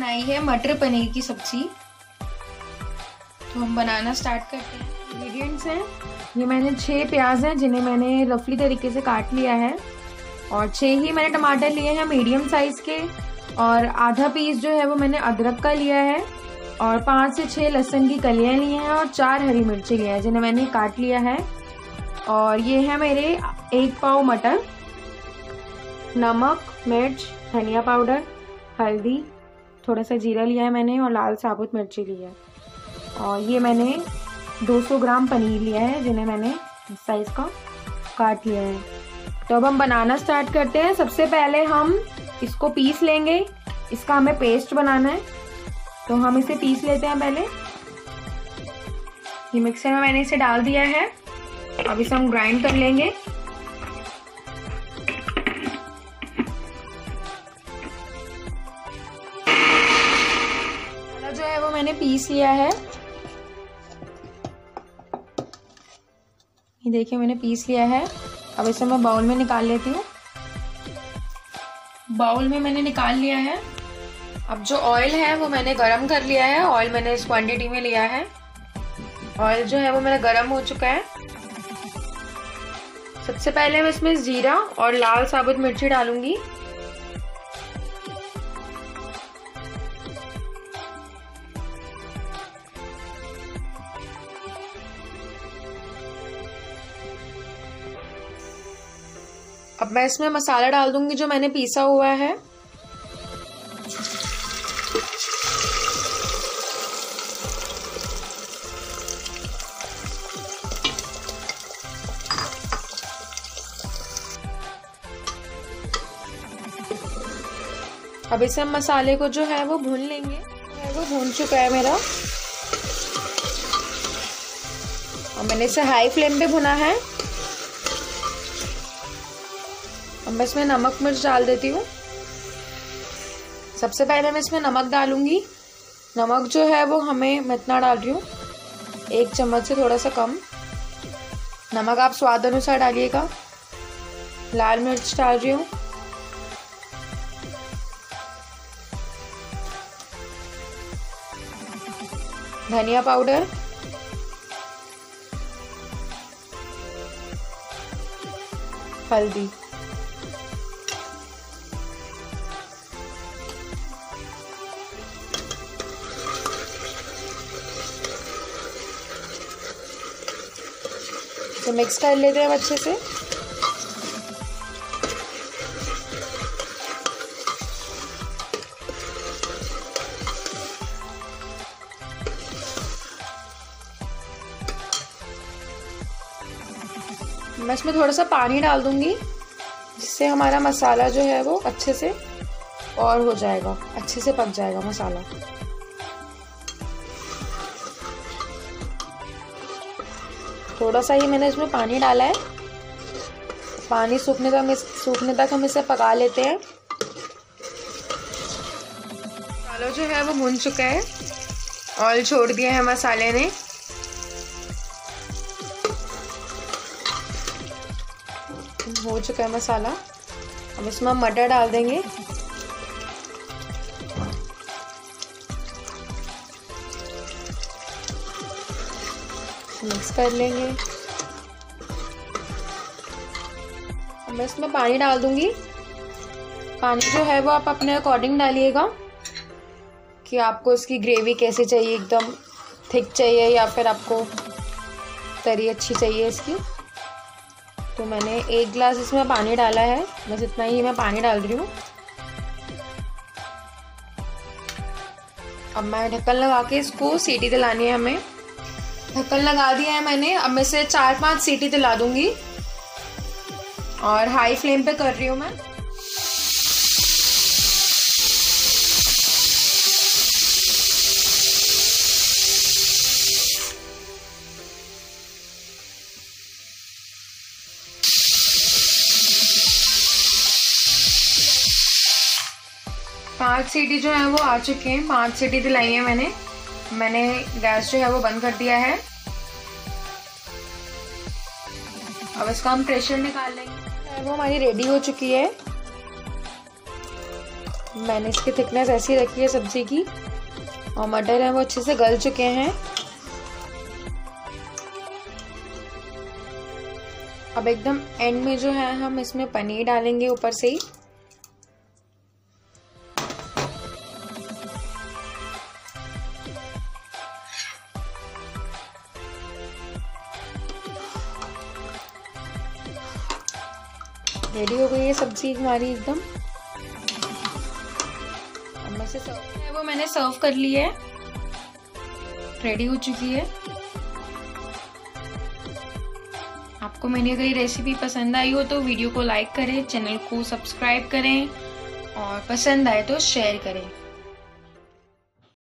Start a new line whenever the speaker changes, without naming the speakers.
बनाई है मटर पनीर की सब्जी तो हम बनाना स्टार्ट करते हैं इंग्रेडिएंट्स हैं ये मैंने छः प्याज हैं जिन्हें मैंने रफली तरीके से काट लिया है और छः ही मैंने टमाटर लिए हैं मीडियम साइज़ के और आधा पीस जो है वो मैंने अदरक का लिया है और पाँच से छः लहसुन की कलियाँ ली हैं और चार हरी मिर्ची लिए हैं जिन्हें मैंने काट लिया है और ये है मेरे एक पाव मटर नमक मिर्च धनिया पाउडर हल्दी थोड़ा सा जीरा लिया है मैंने और लाल साबुत मिर्ची ली है और ये मैंने 200 ग्राम पनीर लिया है जिन्हें मैंने इस साइज़ का काट लिया है तो अब हम बनाना स्टार्ट करते हैं सबसे पहले हम इसको पीस लेंगे इसका हमें पेस्ट बनाना है तो हम इसे पीस लेते हैं पहले ये मिक्सर में मैंने इसे डाल दिया है अब इसे हम ग्राइंड कर लेंगे मैंने पीस लिया है ये देखिए मैंने पीस लिया है अब इसे मैं बाउल में निकाल लेती हूँ बाउल में मैंने निकाल लिया है अब जो ऑयल है वो मैंने गरम कर लिया है ऑयल मैंने इस क्वांटिटी में लिया है ऑयल जो है वो मेरा गरम हो चुका है सबसे पहले मैं इसमें ज़ीरा और लाल साबुत मिर्ची डालूंगी अब मैं इसमें मसाला डाल दूंगी जो मैंने पीसा हुआ है अब इसे हम मसाले को जो है वो भून लेंगे वो भून चुका है मेरा और मैंने इसे हाई फ्लेम पे भुना है अब मैं इसमें नमक मिर्च डाल देती हूँ सबसे पहले मैं इसमें नमक डालूंगी नमक जो है वो हमें मैं इतना डाल रही हूँ एक चम्मच से थोड़ा सा कम नमक आप स्वाद अनुसार डालिएगा लाल मिर्च डाल रही हूँ धनिया पाउडर हल्दी इसे मिक्स कर लेते हैं अच्छे से मैं इसमें थोड़ा सा पानी डाल दूंगी जिससे हमारा मसाला जो है वो अच्छे से और हो जाएगा अच्छे से पक जाएगा मसाला थोड़ा सा ही मैंने इसमें पानी डाला है पानी सूखने तक सूखने तक हम इसे पका लेते हैं मसालो जो है वो भुन चुका है ऑयल छोड़ दिया है मसाले ने हो चुका है मसाला अब इसमें मटर डाल देंगे मिक्स कर लेंगे अब मैं इसमें पानी डाल दूंगी पानी जो है वो आप अपने अकॉर्डिंग डालिएगा कि आपको इसकी ग्रेवी कैसे चाहिए एकदम थिक चाहिए या फिर आपको तरी अच्छी चाहिए इसकी तो मैंने एक गिलास इसमें पानी डाला है बस इतना ही मैं पानी डाल रही हूँ अब मैं ढक्कन लगा के इसको सीटी दिलानी है हमें ढक्कन लगा दिया है मैंने अब मैं इसे चार पांच सीटी दिला दूंगी और हाई फ्लेम पे कर रही हूँ मैं पांच सीटी जो है वो आ चुके हैं पांच सीटी दिलाई है मैंने मैंने गैस जो है वो बंद कर दिया है अब इसका हम प्रेशर निकाल लेंगे वो हमारी रेडी हो चुकी है मैंने इसकी थिकनेस ऐसी रखी है सब्जी की और मटर है वो अच्छे से गल चुके हैं अब एकदम एंड में जो है हम इसमें पनीर डालेंगे ऊपर से ही रेडी हो गई है सब्जी हमारी एकदम अब मैं से सर्व है वो मैंने सर्व कर ली है रेडी हो चुकी है आपको मेरी अगर ये रेसिपी पसंद आई हो तो वीडियो को लाइक करें चैनल को सब्सक्राइब करें और पसंद आए तो शेयर करें